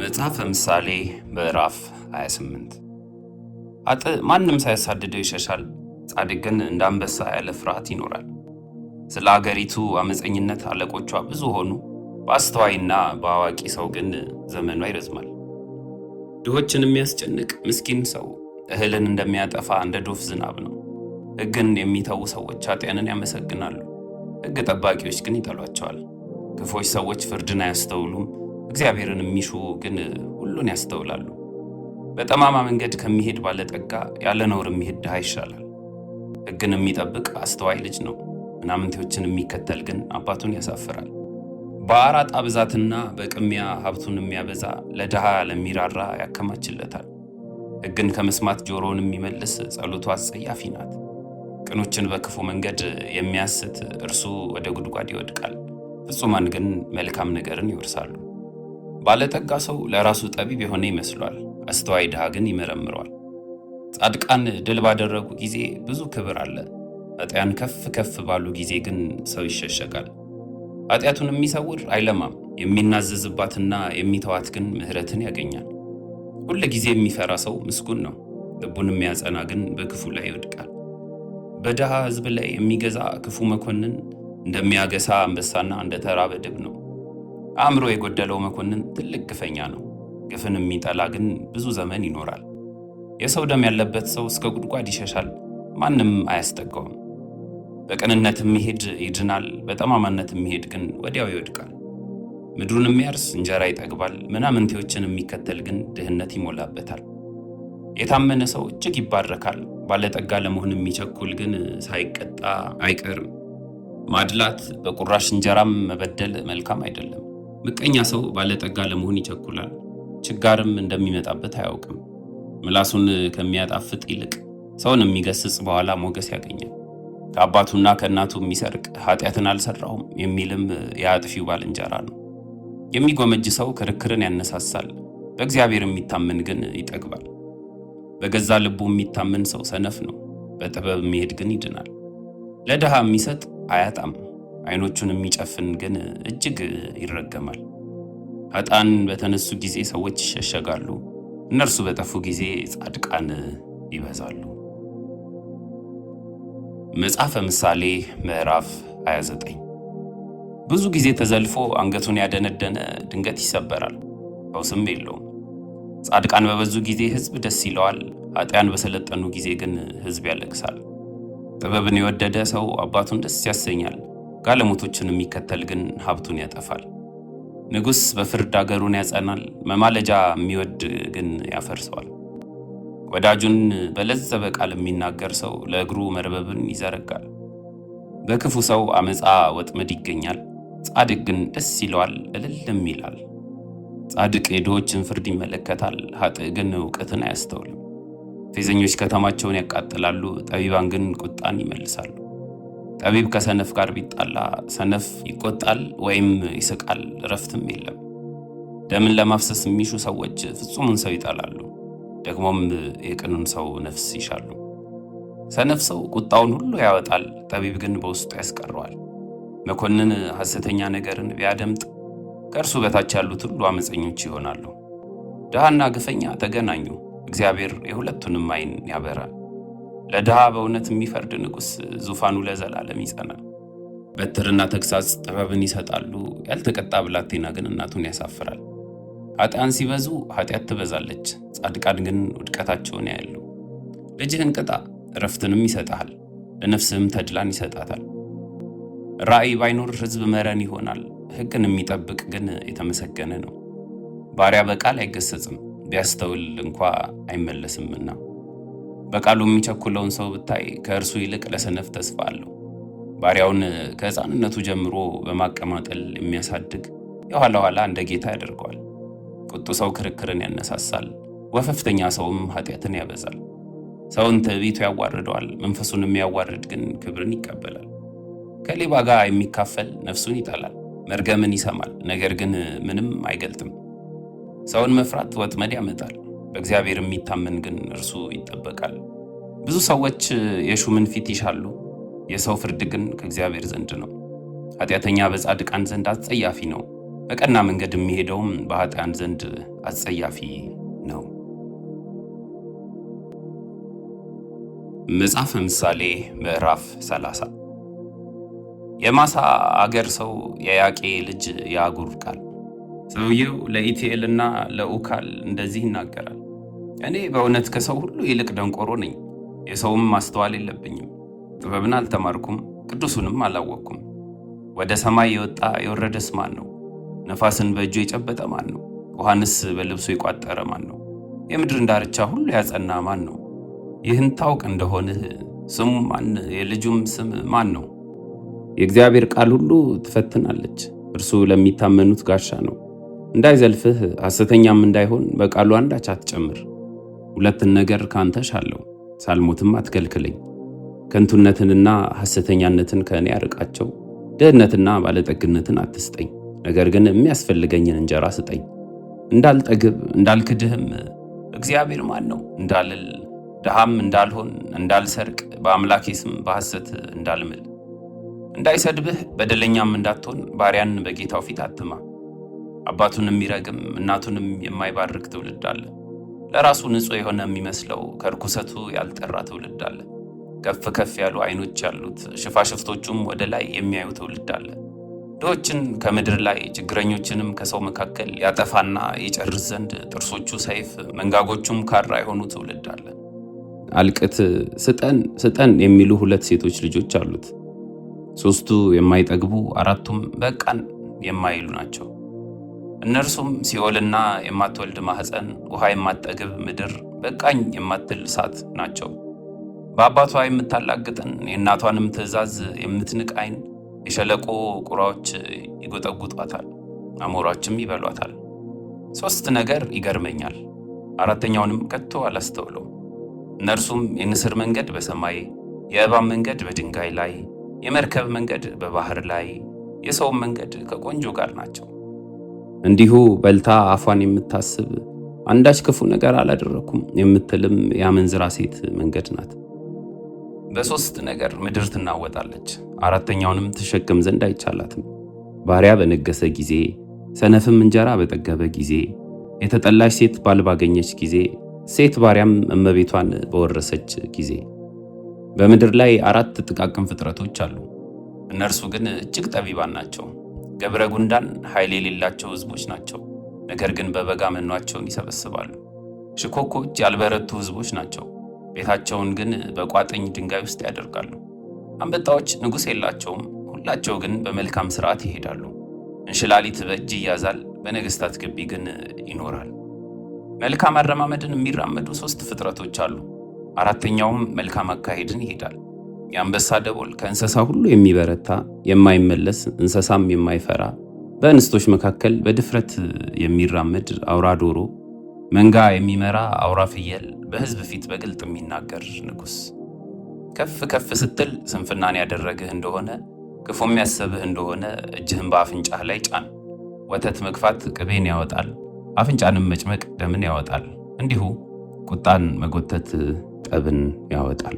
መጽሐፈ ምሳሌ ምዕራፍ 28 አጥ ማንም ሳያሳድደው ይሸሻል፣ ጻድቅ ግን እንደ አንበሳ ያለ ፍርሃት ይኖራል። ስለ አገሪቱ አመፀኝነት አለቆቿ ብዙ ሆኑ፣ በአስተዋይና በአዋቂ ሰው ግን ዘመኗ ይረዝማል። ድሆችን የሚያስጨንቅ ምስኪን ሰው እህልን እንደሚያጠፋ እንደ ዶፍ ዝናብ ነው። ሕግን የሚተዉ ሰዎች ኃጢአንን ያመሰግናሉ፣ ሕግ ጠባቂዎች ግን ይጠሏቸዋል። ክፎች ሰዎች ፍርድን አያስተውሉም። እግዚአብሔርን የሚሹ ግን ሁሉን ያስተውላሉ። በጠማማ መንገድ ከሚሄድ ባለጠጋ ያለ ነውር የሚሄድ ድሃ ይሻላል። ሕግን የሚጠብቅ አስተዋይ ልጅ ነው፣ ምናምንቴዎችን የሚከተል ግን አባቱን ያሳፍራል። በአራጣ ብዛትና በቅሚያ ሀብቱን የሚያበዛ ለድሃ ለሚራራ ያከማችለታል። ሕግን ከመስማት ጆሮውን የሚመልስ ጸሎቱ አጸያፊ ናት። ቅኖችን በክፉ መንገድ የሚያስት እርሱ ወደ ጉድጓድ ይወድቃል፣ ፍጹማን ግን መልካም ነገርን ይወርሳሉ። ባለጠጋ ሰው ለራሱ ጠቢብ የሆነ ይመስሏል፣ አስተዋይ ድሃ ግን ይመረምረዋል። ጻድቃን ድል ባደረጉ ጊዜ ብዙ ክብር አለ። ኃጢያን ከፍ ከፍ ባሉ ጊዜ ግን ሰው ይሸሸጋል። ኃጢአቱን የሚሰውር አይለማም፣ የሚናዘዝባትና የሚተዋት ግን ምሕረትን ያገኛል። ሁል ጊዜ የሚፈራ ሰው ምስጉን ነው፣ ልቡን የሚያጸና ግን በክፉ ላይ ይወድቃል። በድሃ ሕዝብ ላይ የሚገዛ ክፉ መኮንን እንደሚያገሳ አንበሳና ተራበ ድብ ነው። አእምሮ የጎደለው መኮንን ትልቅ ግፈኛ ነው። ግፍን የሚጠላ ግን ብዙ ዘመን ይኖራል። የሰው ደም ያለበት ሰው እስከ ጉድጓድ ይሸሻል፣ ማንም አያስጠጋውም። በቅንነት የሚሄድ ይድናል፣ በጠማማነት የሚሄድ ግን ወዲያው ይወድቃል። ምድሩን የሚያርስ እንጀራ ይጠግባል፣ ምናምንቴዎችን የሚከተል ግን ድህነት ይሞላበታል። የታመነ ሰው እጅግ ይባረካል፣ ባለጠጋ ለመሆን የሚቸኩል ግን ሳይቀጣ አይቀርም። ማድላት በቁራሽ እንጀራም መበደል መልካም አይደለም። ምቀኛ ሰው ባለጠጋ ለመሆን ይቸኩላል። ችጋርም እንደሚመጣበት አያውቅም። ምላሱን ከሚያጣፍጥ ይልቅ ሰውን የሚገስጽ በኋላ ሞገስ ያገኛል። ከአባቱና ከእናቱ የሚሰርቅ ኃጢአትን አልሰራሁም የሚልም የአጥፊው ባልንጀራ ነው። የሚጎመጅ ሰው ክርክርን ያነሳሳል፣ በእግዚአብሔር የሚታመን ግን ይጠግባል። በገዛ ልቡ የሚታመን ሰው ሰነፍ ነው፣ በጥበብ የሚሄድ ግን ይድናል። ለድሃ የሚሰጥ አያጣም አይኖቹን የሚጨፍን ግን እጅግ ይረገማል። ኃጥአን በተነሱ ጊዜ ሰዎች ይሸሸጋሉ፣ እነርሱ በጠፉ ጊዜ ጻድቃን ይበዛሉ። መጽሐፈ ምሳሌ ምዕራፍ 29 ብዙ ጊዜ ተዘልፎ አንገቱን ያደነደነ ድንገት ይሰበራል፣ ፈውስም የለውም። ጻድቃን በበዙ ጊዜ ሕዝብ ደስ ይለዋል፣ ኃጥአን በሰለጠኑ ጊዜ ግን ሕዝብ ያለቅሳል። ጥበብን የወደደ ሰው አባቱን ደስ ያሰኛል ጋለሞቶችን የሚከተል ግን ሀብቱን ያጠፋል። ንጉሥ በፍርድ አገሩን ያጸናል፣ መማለጃ የሚወድ ግን ያፈርሰዋል። ወዳጁን በለዘበ ቃል የሚናገር ሰው ለእግሩ መርበብን ይዘረጋል። በክፉ ሰው አመፃ ወጥመድ ይገኛል፣ ጻድቅ ግን ደስ ይለዋል እልልም ይላል። ጻድቅ የድሆችን ፍርድ ይመለከታል፣ ሀጥ ግን እውቀትን አያስተውልም። ፌዘኞች ከተማቸውን ያቃጥላሉ፣ ጠቢባን ግን ቁጣን ይመልሳሉ። ጠቢብ ከሰነፍ ጋር ቢጣላ ሰነፍ ይቆጣል ወይም ይስቃል፣ እረፍትም የለም። ደምን ለማፍሰስ የሚሹ ሰዎች ፍጹሙን ሰው ይጠላሉ፣ ደግሞም የቅኑን ሰው ነፍስ ይሻሉ። ሰነፍ ሰው ቁጣውን ሁሉ ያወጣል፣ ጠቢብ ግን በውስጡ ያስቀረዋል። መኮንን ሐሰተኛ ነገርን ቢያደምጥ ከእርሱ በታች ያሉት ሁሉ አመፀኞች ይሆናሉ። ድሃና ግፈኛ ተገናኙ፣ እግዚአብሔር የሁለቱንም ዓይን ያበራል። ለድሃ በእውነት የሚፈርድ ንጉሥ ዙፋኑ ለዘላለም ይጸናል። በትርና ተግሳጽ ጥበብን ይሰጣሉ። ያልተቀጣ ብላቴና ግን እናቱን ያሳፍራል። ኃጢአን ሲበዙ ኃጢአት ትበዛለች፣ ጻድቃን ግን ውድቀታቸውን ያያሉ። ልጅህን ቅጣ እረፍትንም ይሰጥሃል፣ ለነፍስህም ተድላን ይሰጣታል። ራእይ ባይኖር ሕዝብ መረን ይሆናል፣ ሕግን የሚጠብቅ ግን የተመሰገነ ነው። ባሪያ በቃል አይገሰጽም፣ ቢያስተውል እንኳ አይመለስምና በቃሉ የሚቸኩለውን ሰው ብታይ ከእርሱ ይልቅ ለሰነፍ ተስፋ አለው። ባሪያውን ከሕፃንነቱ ጀምሮ በማቀማጠል የሚያሳድግ የኋላ ኋላ እንደ ጌታ ያደርገዋል። ቁጡ ሰው ክርክርን ያነሳሳል፣ ወፈፍተኛ ሰውም ኃጢአትን ያበዛል። ሰውን ትዕቢቱ ያዋርደዋል፣ መንፈሱን የሚያዋርድ ግን ክብርን ይቀበላል። ከሌባ ጋር የሚካፈል ነፍሱን ይጠላል መርገምን ይሰማል፣ ነገር ግን ምንም አይገልጥም። ሰውን መፍራት ወጥመድ ያመጣል፣ በእግዚአብሔር የሚታመን ግን እርሱ ይጠበቃል። ብዙ ሰዎች የሹምን ፊት ይሻሉ፣ የሰው ፍርድ ግን ከእግዚአብሔር ዘንድ ነው። ኃጢአተኛ በጻድቃን ዘንድ አጸያፊ ነው፣ በቀና መንገድ የሚሄደውም በኃጢያን ዘንድ አጸያፊ ነው። መጽሐፈ ምሳሌ ምዕራፍ 30 የማሳ አገር ሰው የያቄ ልጅ ያጉር ቃል ሰውየው ለኢቲኤልና ለኡካል እንደዚህ ይናገራል። እኔ በእውነት ከሰው ሁሉ ይልቅ ደንቆሮ ነኝ። የሰውም ማስተዋል የለብኝም። ጥበብን አልተማርኩም፣ ቅዱሱንም አላወቅኩም። ወደ ሰማይ የወጣ የወረደስ ማን ነው? ነፋስን በእጁ የጨበጠ ማን ነው? ውሃንስ በልብሱ የቋጠረ ማን ነው? የምድርን ዳርቻ ሁሉ ያጸና ማን ነው? ይህን ታውቅ እንደሆንህ ስሙ ማን፣ የልጁም ስም ማን ነው? የእግዚአብሔር ቃል ሁሉ ትፈትናለች። እርሱ ለሚታመኑት ጋሻ ነው። እንዳይዘልፍህ ሐሰተኛም እንዳይሆን በቃሉ አንዳች አትጨምር። ሁለትን ነገር ካንተ ሻለው፣ ሳልሞትም አትከልክለኝ። ከንቱነትንና ሐሰተኛነትን ከእኔ ያርቃቸው፣ ድህነትና ባለጠግነትን አትስጠኝ፣ ነገር ግን የሚያስፈልገኝን እንጀራ ስጠኝ። እንዳልጠግብ እንዳልክድህም እግዚአብሔር ማን ነው እንዳልል ድሃም እንዳልሆን እንዳልሰርቅ በአምላኬ ስም በሐሰት እንዳልምል እንዳይሰድብህ በደለኛም እንዳትሆን ባሪያን በጌታው ፊት አትማ። አባቱን የሚረግም እናቱንም የማይባርክ ትውልድ አለ። ለራሱ ንጹህ የሆነ የሚመስለው ከርኩሰቱ ያልጠራ ትውልድ አለ። ከፍ ከፍ ያሉ አይኖች ያሉት ሽፋሽፍቶቹም ወደ ላይ የሚያዩ ትውልድ አለ። ድሆችን ከምድር ላይ ችግረኞችንም ከሰው መካከል ያጠፋና ይጨርስ ዘንድ ጥርሶቹ ሰይፍ መንጋጎቹም ካራ የሆኑ ትውልድ አለ። አልቅት ስጠን ስጠን የሚሉ ሁለት ሴቶች ልጆች አሉት። ሶስቱ የማይጠግቡ አራቱም በቃን የማይሉ ናቸው። እነርሱም ሲኦልና የማትወልድ ማህፀን፣ ውሃ የማትጠግብ ምድር፣ በቃኝ የማትል እሳት ናቸው። በአባቷ የምታላግጥን የእናቷንም ትእዛዝ የምትንቅ ዓይን የሸለቆ ቁራዎች ይጎጠጉጧታል፣ አሞራዎችም ይበሏታል። ሦስት ነገር ይገርመኛል፣ አራተኛውንም ከቶ አላስተውለውም። እነርሱም የንስር መንገድ በሰማይ የእባብ መንገድ በድንጋይ ላይ የመርከብ መንገድ በባህር ላይ የሰውም መንገድ ከቆንጆ ጋር ናቸው። እንዲሁ በልታ አፏን የምታስብ አንዳች ክፉ ነገር አላደረኩም የምትልም የአመንዝራ ሴት መንገድ ናት። በሶስት ነገር ምድር ትናወጣለች፣ አራተኛውንም ትሸክም ዘንድ አይቻላትም። ባሪያ በነገሰ ጊዜ፣ ሰነፍም እንጀራ በጠገበ ጊዜ፣ የተጠላች ሴት ባል ባገኘች ጊዜ፣ ሴት ባሪያም እመቤቷን በወረሰች ጊዜ። በምድር ላይ አራት ጥቃቅን ፍጥረቶች አሉ። እነርሱ ግን እጅግ ጠቢባን ናቸው። ገብረ ጉንዳን ኃይል የሌላቸው ህዝቦች ናቸው፣ ነገር ግን በበጋ መኗቸውን ይሰበስባሉ። ሽኮኮች ያልበረቱ ህዝቦች ናቸው፣ ቤታቸውን ግን በቋጥኝ ድንጋይ ውስጥ ያደርጋሉ። አንበጣዎች ንጉሥ የላቸውም፣ ሁላቸው ግን በመልካም ስርዓት ይሄዳሉ። እንሽላሊት በእጅ ይያዛል፣ በነገሥታት ግቢ ግን ይኖራል። መልካም አረማመድን የሚራመዱ ሦስት ፍጥረቶች አሉ። አራተኛውም መልካም አካሄድን ይሄዳል። የአንበሳ ደቦል ከእንስሳ ሁሉ የሚበረታ የማይመለስ እንስሳም የማይፈራ በእንስቶች መካከል በድፍረት የሚራመድ አውራ ዶሮ መንጋ የሚመራ አውራ ፍየል በሕዝብ ፊት በግልጥ የሚናገር ንጉሥ ከፍ ከፍ ስትል ስንፍናን ያደረግህ እንደሆነ ክፉ የሚያሰብህ እንደሆነ እጅህን በአፍንጫህ ላይ ጫን። ወተት መግፋት ቅቤን ያወጣል፣ አፍንጫንም መጭመቅ ደምን ያወጣል። እንዲሁ ቁጣን መጎተት ጠብን ያወጣል።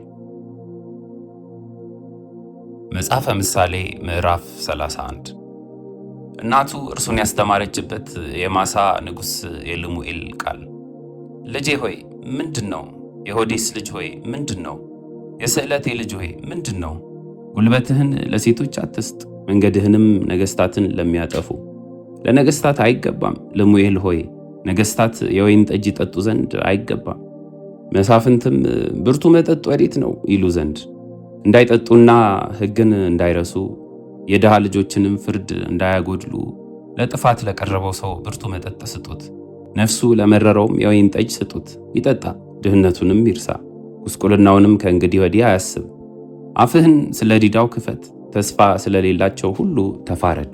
መጽሐፈ ምሳሌ ምዕራፍ 31 እናቱ እርሱን ያስተማረችበት የማሳ ንጉሥ የልሙኤል ቃል። ልጄ ሆይ ምንድን ነው? የሆዴስ ልጅ ሆይ ምንድን ነው? የስዕለቴ ልጅ ሆይ ምንድን ነው? ጉልበትህን ለሴቶች አትስጥ፣ መንገድህንም ነገሥታትን ለሚያጠፉ ለነገሥታት አይገባም። ልሙኤል ሆይ ነገሥታት የወይን ጠጅ ይጠጡ ዘንድ አይገባም፣ መሳፍንትም ብርቱ መጠጥ ወዴት ነው ይሉ ዘንድ እንዳይጠጡና ሕግን እንዳይረሱ የድሃ ልጆችንም ፍርድ እንዳያጎድሉ ለጥፋት ለቀረበው ሰው ብርቱ መጠጥ ስጡት። ነፍሱ ለመረረውም የወይን ጠጅ ስጡት ይጠጣ፣ ድህነቱንም ይርሳ፣ ጉስቁልናውንም ከእንግዲህ ወዲህ አያስብ። አፍህን ስለ ዲዳው ክፈት፣ ተስፋ ስለሌላቸው ሁሉ ተፋረድ።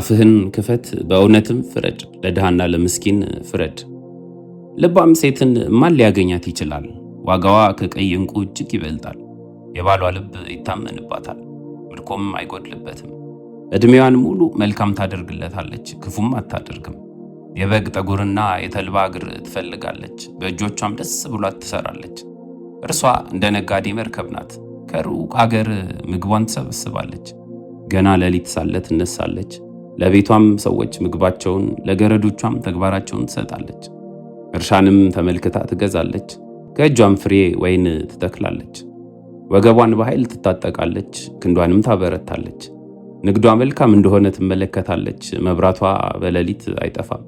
አፍህን ክፈት፣ በእውነትም ፍረድ፣ ለድሃና ለምስኪን ፍረድ። ልባም ሴትን ማን ሊያገኛት ይችላል? ዋጋዋ ከቀይ ዕንቁ እጅግ ይበልጣል። የባሏ ልብ ይታመንባታል፣ ምልኮም አይጎድልበትም። ዕድሜዋን ሙሉ መልካም ታደርግለታለች፣ ክፉም አታደርግም። የበግ ጠጉርና የተልባ እግር ትፈልጋለች፣ በእጆቿም ደስ ብሏት ትሰራለች። እርሷ እንደ ነጋዴ መርከብ ናት። ከሩቅ አገር ምግቧን ትሰበስባለች። ገና ሌሊት ሳለ ትነሳለች። ለቤቷም ሰዎች ምግባቸውን፣ ለገረዶቿም ተግባራቸውን ትሰጣለች። እርሻንም ተመልክታ ትገዛለች። ከእጇም ፍሬ ወይን ትተክላለች። ወገቧን በኃይል ትታጠቃለች፣ ክንዷንም ታበረታለች። ንግዷ መልካም እንደሆነ ትመለከታለች፣ መብራቷ በሌሊት አይጠፋም።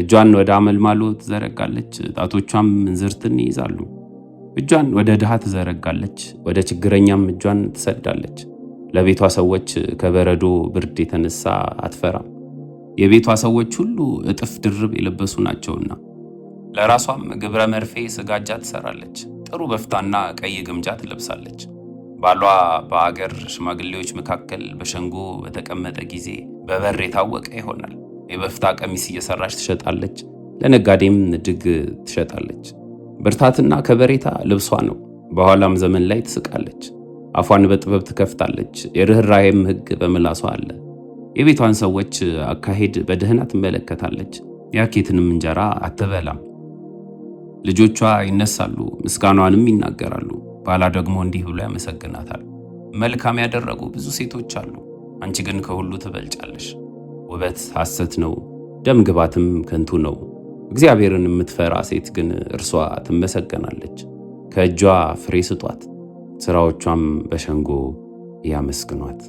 እጇን ወደ አመልማሎ ትዘረጋለች፣ ጣቶቿም ምንዝርትን ይይዛሉ። እጇን ወደ ድሃ ትዘረጋለች፣ ወደ ችግረኛም እጇን ትሰዳለች። ለቤቷ ሰዎች ከበረዶ ብርድ የተነሳ አትፈራም። የቤቷ ሰዎች ሁሉ እጥፍ ድርብ የለበሱ ናቸውና ለራሷም ግብረ መርፌ ስጋጃ ትሰራለች። ጥሩ በፍታና ቀይ ግምጃ ትለብሳለች። ባሏ በአገር ሽማግሌዎች መካከል በሸንጎ በተቀመጠ ጊዜ በበር የታወቀ ይሆናል። የበፍታ ቀሚስ እየሰራች ትሸጣለች፣ ለነጋዴም ድግ ትሸጣለች። ብርታትና ከበሬታ ልብሷ ነው። በኋላም ዘመን ላይ ትስቃለች። አፏን በጥበብ ትከፍታለች። የርኅራኄም ሕግ በምላሷ አለ። የቤቷን ሰዎች አካሄድ በደህና ትመለከታለች። ያኬትንም እንጀራ አትበላም። ልጆቿ ይነሳሉ፣ ምስጋኗንም ይናገራሉ። ባሏ ደግሞ እንዲህ ብሎ ያመሰግናታል፣ መልካም ያደረጉ ብዙ ሴቶች አሉ፣ አንቺ ግን ከሁሉ ትበልጫለሽ። ውበት ሐሰት ነው፣ ደም ግባትም ከንቱ ነው። እግዚአብሔርን የምትፈራ ሴት ግን እርሷ ትመሰገናለች። ከእጇ ፍሬ ስጧት፣ ሥራዎቿም በሸንጎ ያመስግኗት።